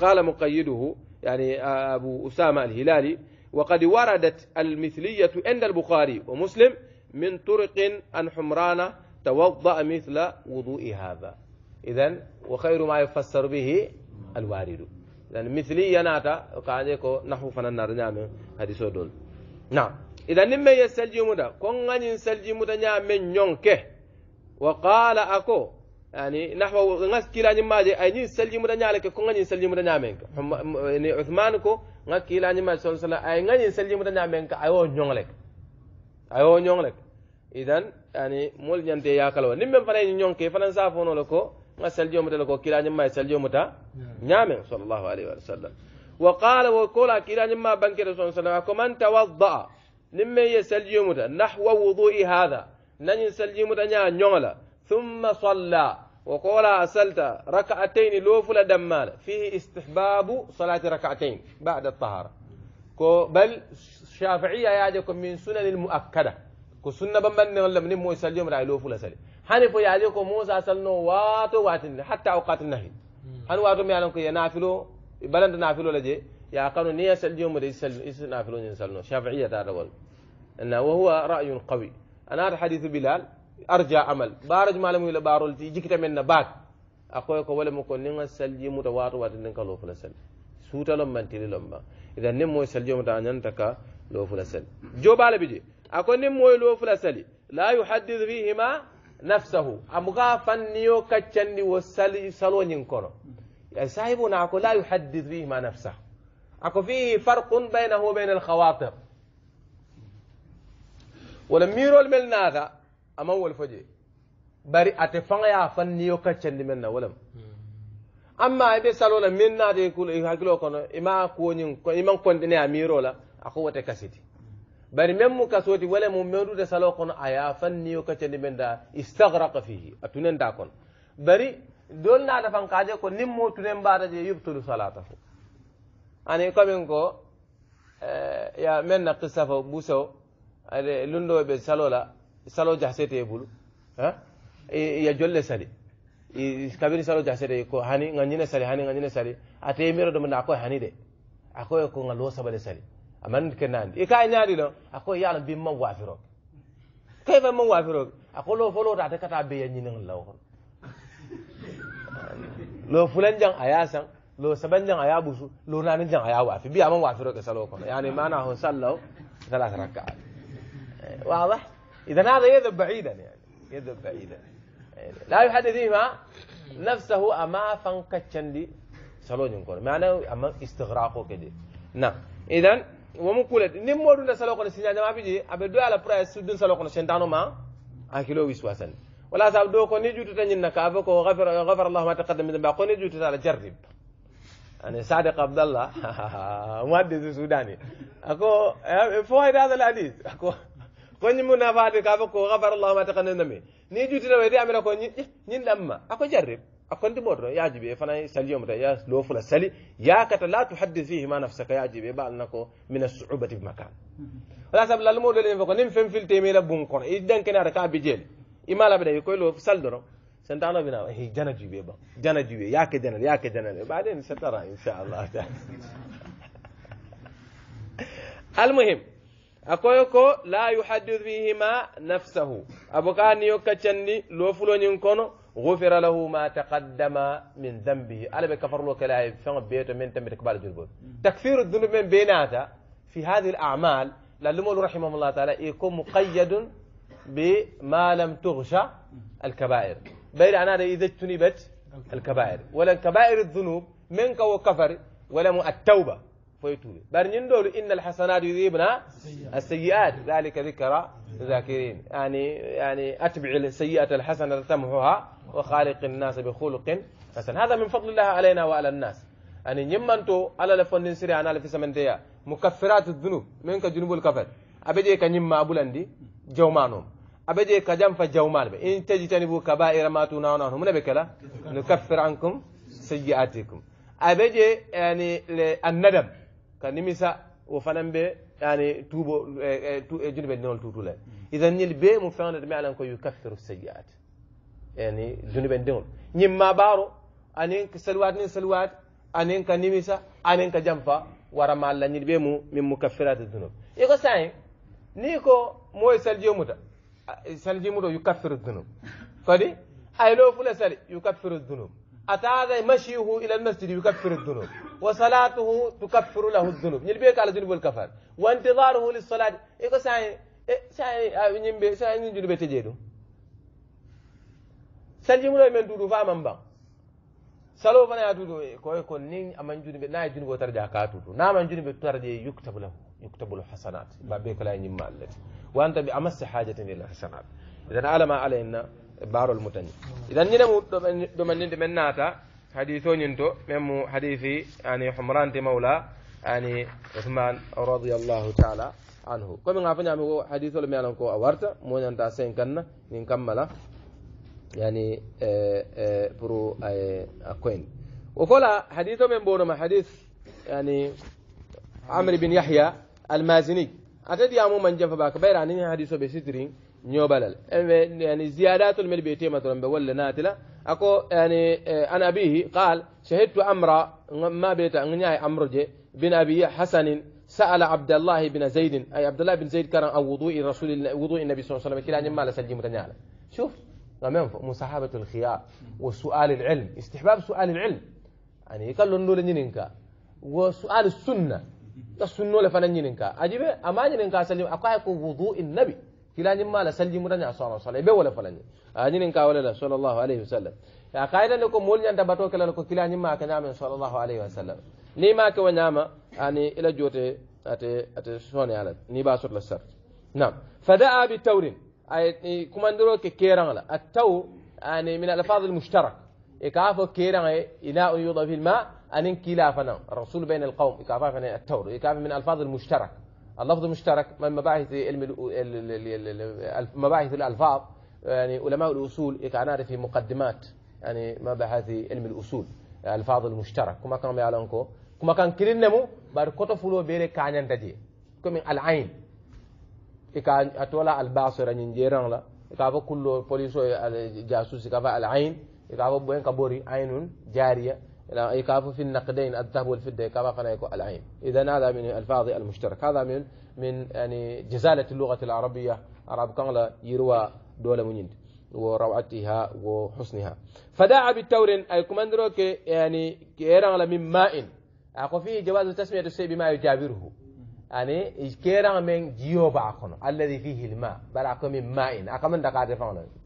قال مقيده يعني أبو أسامة الهلالي وقد وردت المثلية عند البخاري ومسلم من طرق أن حمران توضأ مثل وضوء هذا إذا وخير ما يفسر به الوارد إذا مثلية ناتا وكعليكو نحو فن نرنام هذه نعم إذا نما يسلجي مدا كون غني يسلجي مدى نعم من يونكه وقال أكو يعني نحو ناس كيلا نما دي أي نين سلجي مدا نالك كون نين سلجي مدا نامنك يعني عثمان كو ناس كلا نما صلى الله عليه وسلم أي نين سلجي مدا نامنك أيو نيونلك أيو نيونلك إذن يعني مول نيانتي يا كلو نيم من فنان فلان فنان سافونو لكو ناس سلجي مدا لكو كلا نما سلجي مدا نامن صلى الله عليه وسلم وقال كيلا كلا ما بنك رسول الله صلى الله عليه وسلم من توضأ نيم يسلجي مدا نحو وضوء هذا نين سلجي مدا نيونلا ثم صلى وقول أسلت ركعتين لوفل دمال فيه استحباب صلاة ركعتين بعد الطهارة بل شافعية يعجبكم من سنن المؤكدة كو سنة بمن ولا من موسى اليوم رأي لوفل سلي حنفو يعجبكم موسى سلنو واتو واتن حتى أوقات النهي أن واتو ميالون كي ينافلو بلند نافلو لجي يا قانو نية سليوم ريسل نافلو ينسلنو شافعية تعالى إنه وهو رأي قوي أنا هذا حديث بلال أرجع عمل بارج ما لمي لبارول تي جكت من نبات أقول لك ولا مكون نين سلج متوارو واتن كلو فلا سل سوت لهم من تري لهم إذا نم مو سلج متانين تكا لو فلا سل جو بالي بيجي أقول نم مو لو فلا سل لا يحدث فيهما نفسه أمغا فنيو كتشني وسلج سلون ينكرو يا سايبون أقول لا يحدث فيهما نفسه أكو فيه فرق بينه وبين الخواطر ولم ميرو الملناذا aman walfaje bari a ta fanga ya fan niyo kaccandi men na walam amma ibe salola min na naate eh, hakkilo kono ima kuwoñin iman kontine a miro la ako wata kasiti bari men mu kasoti wala mu medude salo kono aya fan niyo kaccandi men da istagraka fihi a da kon bari don da fan kaje ko nim mo tunen da je yubtulu salata, ani komin ko eh, ya men na qissa fo buso be salola salo jasete bulu ha ya jolle sali kabiri salo jasete ko hani nganyine sali hani nganyine sali ate miro do manda ko hani de akoye ko ngal wosabale sali aman kenandi e kay nyaari no akoye yalla bi mam wafiro kay fa mam wafiro akolo folo ta ta kata be yanyin ngal law lo fulan jang ayasan lo saban jang aya busu lo nanin jang aya wafi bi amam wafiro ke salo ko yani mana hon sallo ثلاث ركعات واضح إذا هذا يذهب بعيدا يعني يذهب بعيدا يعني لا ما نفسه أما لي سلوجن كون معنى أما استغراقه كده نعم إذا ومن نمور دون سلوك سنجا ما بيجي أبي دو على برايس دون سلوكنا شنتانو ما أكيلو ويسواسن ولا ساب دو كوني جوتو تنين نكافك وغفر غفر الله ما تقدم من ذنبه كوني جوتو على جرب أنا يعني صادق عبد الله محدث السوداني أكو فوائد هذا الحديث أكو konyi munafati kafa ko gabar Allah ma takanna nami ni juti na wedi amira konyi nyin lamma ako jarrib akonti bordo yajibe fana saliyo mata ya lo fula sali ya kata la tuhaddith fihi ma nafsaka yajibe ba alnako min as-su'ubati bi makan wala sab lal modol en ko nim fem fil temela bun kon idan kana ka bijel imala bada ko lo sal doro سنتانو بنا هي جنا جيبي با جنا جيبي ياك جنا ياك جنا بعدين سترى ان شاء الله تعالى المهم akoyoko la yuhaddithu bihima nafsahu abokani yokkacandi lofuloñin kono gufira lahu ma taqaddama min dambihi ala ɓe kafarlo kala e feŋo beeto min tambita ko baɗa julbol takfiru dunub men be naata fi hadihi l amal lallumolu rahimahullah taala e ko muqayyadun bi ma lam tugsha alkabair bayri anaɗa ida jtunibat alkabair wala kabair dunub min kawo kafari wala mu attauba فيتوب برنين دول إن الحسنات يذيبنا السيئات ذلك ذكرى ذاكرين يعني يعني أتبع السيئة الحسنة تمحها وخالق الناس بخلق حسن هذا من فضل الله علينا وعلى الناس أن يعني يمنتو على لفن سري أنا لفي سمنتيا مكفرات الذنوب من كجنوب الكفر أبدي كنيم أبولندي جومانهم أبدي كجام فجومان إن بو كبائر ما تنهون من بكلا نكفر عنكم سيئاتكم أبدي يعني الندم ka nimisa wo fanan be yani tubo e junube dinol tutule idan ñil be mu feŋle ɗe mi alan ko yukaffiru sayiat yani junube diŋol ñim ma ɓaaro anin salwat nin salwat anin ka nimisa anin ka jamfa wara malla ñil be mu min mukaffirati dunub i ko sayin ni ko moye salji muta salji muto yukaffiru dunub kodi aylo fula sali yukaffiru dunub أتى مشيه إلى المسجد يكفر الذنوب وصلاته تكفر له الذنوب يلبيك على ذنوب الكفر وانتظاره للصلاة إيكو ساين إيه، ساي آه، نيمبي ساين نيمبي جنوب تجيدو سالجي مولا من دودو فاما مبا سالو فانا دودو إيه، كوي كون نين أمان جنوب ناي جنوب ترجع كاتوتو نا أمان جنوب ترجع يكتب له يكتب له حسنات بابيك لا ينمى التي وأنت بأمس حاجة إلى الحسنات إذا علم علينا baarol mutani idan ñine mu ɗomanninde men naata hadise oñin to men mu hadisi yani humrante mawla yani uthman radiallahu taala anhu comme nga fañami ko hadise ole mealan ko a warta moñanta cinquanna nin kammala yani pour a koyni wo kola hadise o men mbonoma hadis yani amre bin yahya almasini atadi yamu man jafa baka ɓayra anin hadise o ɓe sitirin نيو إيه، يعني زيادات من بيتي مثلا بولا ناتلا أكو يعني إيه، أنا به قال شهدت أمر ما بيت أنياي أمر جي بن أبي حسن سأل عبد الله بن زيد أي عبد الله بن زيد كان أو وضوء رسول وضوء النبي صلى الله عليه وسلم كلا ما لسجي متنعلا شوف مصاحبة الخيار وسؤال العلم استحباب سؤال العلم يعني قال له نقول نينكا وسؤال السنة السنة لفنا نينكا أجيبه أما نينكا سلم اكو وضوء النبي kilañin mala salji mutani asana sala be wala falani añinin ka wala la sallallahu alaihi wasallam ya kaida ne ko mol nyanta bato kala ko kilañin ma ka nyamen sallallahu alaihi wasallam ni ma ke wanyama ani ila jote ate ate sone ala ni ba sotla sar nam fadaa bi tawrin ay kumandiro ke kerang la ataw ani min alfaz almushtarak ikafo kerang ila yuda fil ma anin kilafana الرسول بين القوم إكافة من التور إكافة من ألفاظ المشترك اللفظ المشترك من مباحث علم مباحث الألفاظ يعني علماء الأصول كان في مقدمات يعني مباحث علم الأصول الألفاظ المشترك كما كانوا يعلنكو كما كان كلين نمو بار كوتو فلو بيري كانيان تجي كم العين اتولا أتولى الباصر نجيران لا كابو كله بوليسو آه، جاسوس إكافو العين إكافو بوين كابوري عين جارية يكافو في النقدين الذهب والفضة يكافا يكون العين إذا هذا من الفاظ المشترك هذا من من يعني جزالة اللغة العربية عرب كانلا يروى دولة منين وروعتها وحسنها فدعا بالتور أي كماندروك يعني كيران من ماء أقو فيه جواز تسمية الشيء بما يجابره يعني كيران من جيوب أخونا الذي فيه الماء بل أقو من ماء أقو من دقاء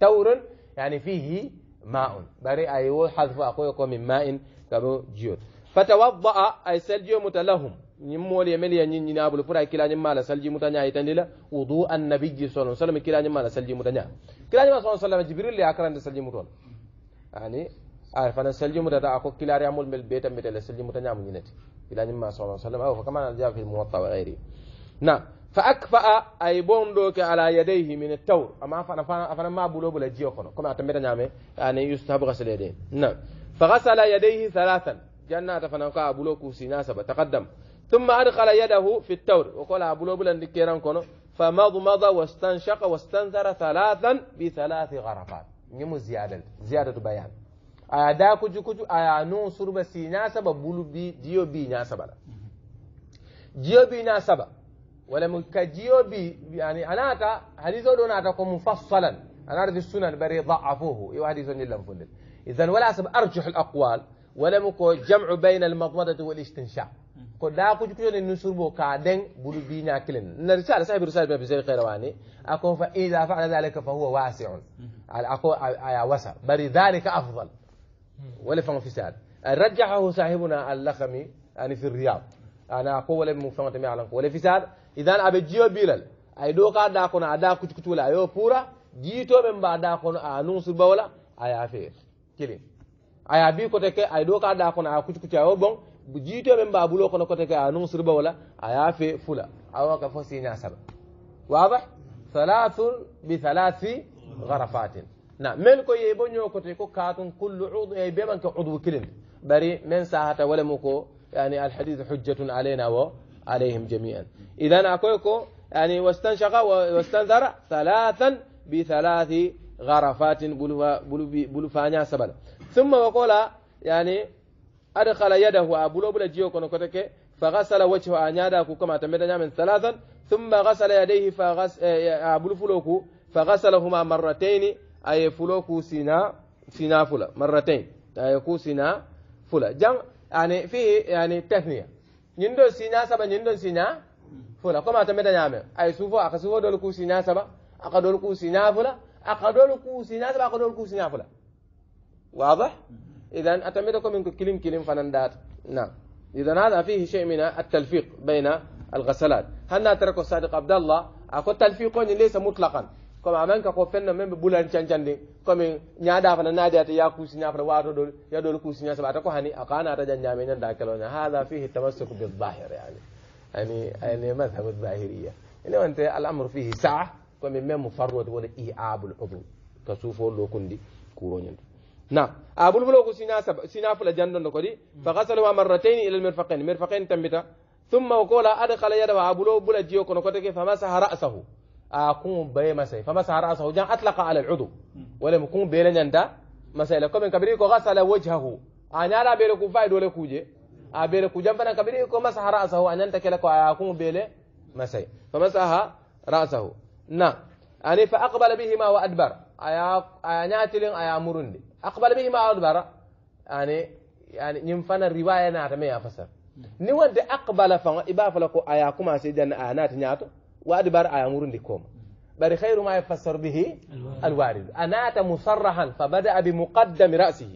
تور يعني فيه ماء بري أيو حذف أقو من ماء kabo jiyo fatawadda ay saljiyo mutalahum ñiŋ moolu ye melu ye ñiŋ ñinaa bulu pour a ye kilañiŋ maa la salji mutaña yitandi la wudu annabiyi sallam sallam kilañiŋ maa la salji mutaña kilañima sallam sallam jibril le ye a karanta salji mutol ani a fana salji mutata a ko kilariyamol mel beeta mbete le salji mutañamu ñineti kilañiŋ maa sallam sallam awo fa kama aljawa fi lmuwatta wa gayri na fa akfa'a ay bon ke ala yadayhi min at-tawr amma fana fana ma bulo bula jiyo kono comme a tambeta ñame ani yustahabu gasalede na فغسل يديه ثلاثا جنة فنقع بلوكو سيناسة تقدم ثم أدخل يده في التور وقال أبو بلن كيران كونو فمض مضى واستنشق واستنثر ثلاثا بثلاث غرفات نمو زيادة زيادة بيان أيا داكو جو كجو أيا نو سرب سيناسة بلو بي ديو بي ناسة بلا جيو بي ناسة ولم كجيو بي يعني أنا أتا حديثة دون أتا مفصلا أنا أرد السنن بري ضعفوه يو حديثة نلم فندل إذا ولا أسب أرجح الأقوال ولا مكو جمع بين المضمضة والاستنشاق كل لا أقول كل إنه سربو كادن بلو بينا كلن نرسال سعي برسالة ما بزير خيرواني أكون فإذا فعل ذلك فهو واسع على أقوى آية وسع بل ذلك أفضل ولا فما في سعر رجحه صاحبنا اللخمي يعني في الرياض أنا أقول لهم فما تمي على ولا في سعر إذا أبي جيو بيلل أي دو كاد أكون أدا كتكتولا أيو بورا جيتو من بعد أكون أنو آه، سربو ولا أي أفير kilin aya bi kote ke ay do ka da kono a kucu kucu ayo bon jiitoɓe mba bulo kono kote ke a non sirba wala aya fe fula awa ka fo siña saba wadah thalathun bi thalathi gharafatin na men ko yebo nyo ñoo kote ko katun kullu udu man beɓanke udwu kilin bari men sahata wala mu ko hujjatun الحديث wa علينا وعليهم جميعا إذا أكويكو يعني واستنشق واستنذر ثلاثا بثلاث غرفات بلفانيا سبلا ثم وقال يعني أدخل يده أبلو بلا جيو كنو كتك فغسل وجهه أنيادا كما تمدنا من ثلاثا ثم غسل يديه فغس آه، أبلو فلوكو فغسلهما مرتين أي فلوكو سنا سنا فلا مرتين أي كو سنا فلا جم يعني فيه يعني تثنية نندو سنا سبا نندو سنا فلا كما تمدنا من أي سوفو أخسوفو دولكو سنا سبا أخدولكو سنا فلا أخذوا الكوسينا تبع أخذوا الكوسينا فلا واضح إذا أتمدكم منكم كلم كلم فنندات نعم إذا هذا فيه شيء من التلفيق بين الغسلات هل نترك الصادق عبد الله أخذ التلفيق ليس مطلقا كما أمانك قفلنا من بولان شان دي كما نعدا فلا نادي يا كوسينا فلا وارو دول يا دول كوسينا سبعة كوهاني أقانا رجل جامعين داكلونا هذا فيه التمسك بالظاهر يعني يعني يعني مذهب الظاهرية يعني أنت الأمر فيه ساعة komin men mo wala wona i abul udum ka suufollo kondi kuroñande na abul fulo ko sina saba sina fula jandondo kodi fa gasaluha marratayn ila almirfaqain mirfaqayn tambita thumma o adkhala yadahu abulo bulo jiyo kono koteke famasa rasahu a kun baye masay famasa rasahu jan atlaqa ala aludum walemo kun bele masay la komin kabiri ko ghasala wajhahu a ñala bele ku fay dole kuje a bele ku jan kabiri ko masahara asahu anyanta ñanta ko a kun bele masay famasa rasahu نعم اني يعني فاقبل بهما وادبر ايا نياتلين ايا مروندي اقبل بهما وادبر اني يعني نيم يعني فانا روايه نات ميا فسر ني نعم. وانت اقبل فان ابا فلكو ايا كما سيدنا ايا نات نياتو وادبر ايا مروندي كوم بل خير ما يفسر به الوارد انات مصرحا فبدا بمقدم راسه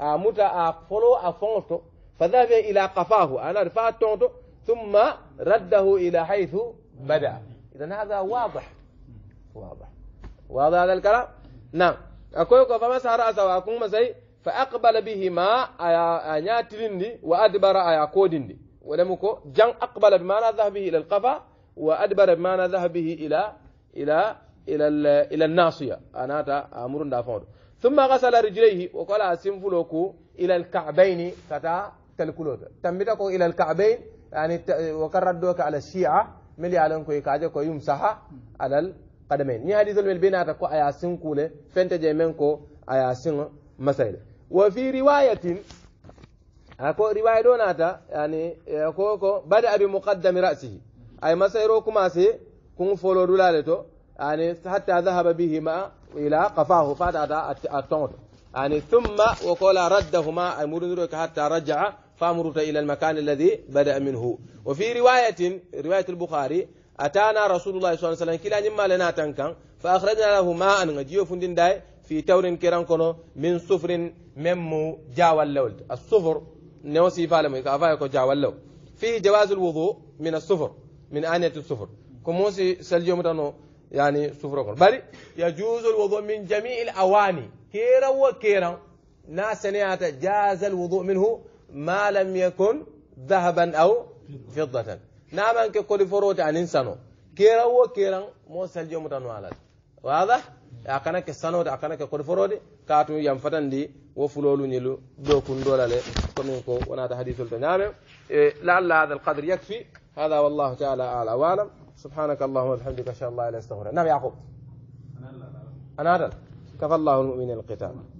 نعم. اموت آه، افولو افونتو فذهب الى قفاه انا رفعت تونتو ثم رده الى حيث بدا نعم. اذا هذا واضح واضح واضح هذا الكلام نعم فما كفما أسوا أزواكم مسي فأقبل بهما أيا تلندي وأدبر أيا كودندي ولمكو جن أقبل بما ذهبه إلى القفا وأدبر بما ذهبه إلى إلى إلى إلى الناصية أنا تا أمر دافون ثم غسل رجليه وقال فلوكو إلى الكعبين فتا تلكلوت تمتكو إلى الكعبين يعني وقردوك على الشيعة ملي على كوي كاجا كوي يمسح على قدمين ني حديث آية من بينات كو ايا سنكوله فنت جيمن كو ايا سين مسائل وفي روايه اكو روايه دوناتا يعني كو كو بدا بمقدم راسه اي مسيرو كما سي كون فولو دولالتو يعني حتى ذهب بهما الى قفاه فادا التونت يعني ثم وقال ردهما المرنرك حتى رجع فامرت الى المكان الذي بدا منه وفي روايه روايه البخاري أتانا رسول الله صلى الله عليه وسلم كلا نما لنا تنكا فأخرجنا له ماء نجيو فندن داي في تور كيران كونو من صفر ممو جاوى اللول الصفر نوسي فالم كافايكو جاوى اللول فيه جواز الوضوء من الصفر من آنية الصفر كموسي سلجو متنو يعني صفر بل يجوز الوضوء من جميع الأواني كيرا وكيرا ناس جاز الوضوء منه ما لم يكن ذهبا أو فضة نامن كولي فروت ان انسانو كيرو كيران مو سالجو متنوال واضح اكنا كي سانو اكنا كي كولي فرودي كاتو يام فاتاندي وفلولو نيلو دوكون دولالي كومين كو وانا حديث التنام لا لا هذا القدر يكفي هذا والله تعالى اعلى وعلم سبحانك اللهم وبحمدك ان شاء الله لا استغفر نعم يعقوب انا لا انا كفى الله المؤمنين القتال